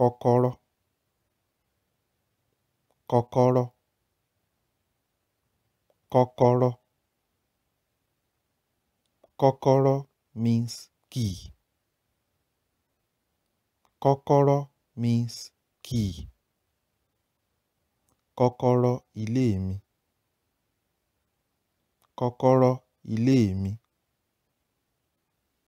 kọ́kọ́rọ́ kọ́kọ́rọ́ kọ́kọ́rọ́ kọ́kọ́rọ́ means key kọ́kọ́rọ́ means key kọ́kọ́rọ́ ilé mi kọ́kọ́rọ́ ilé mi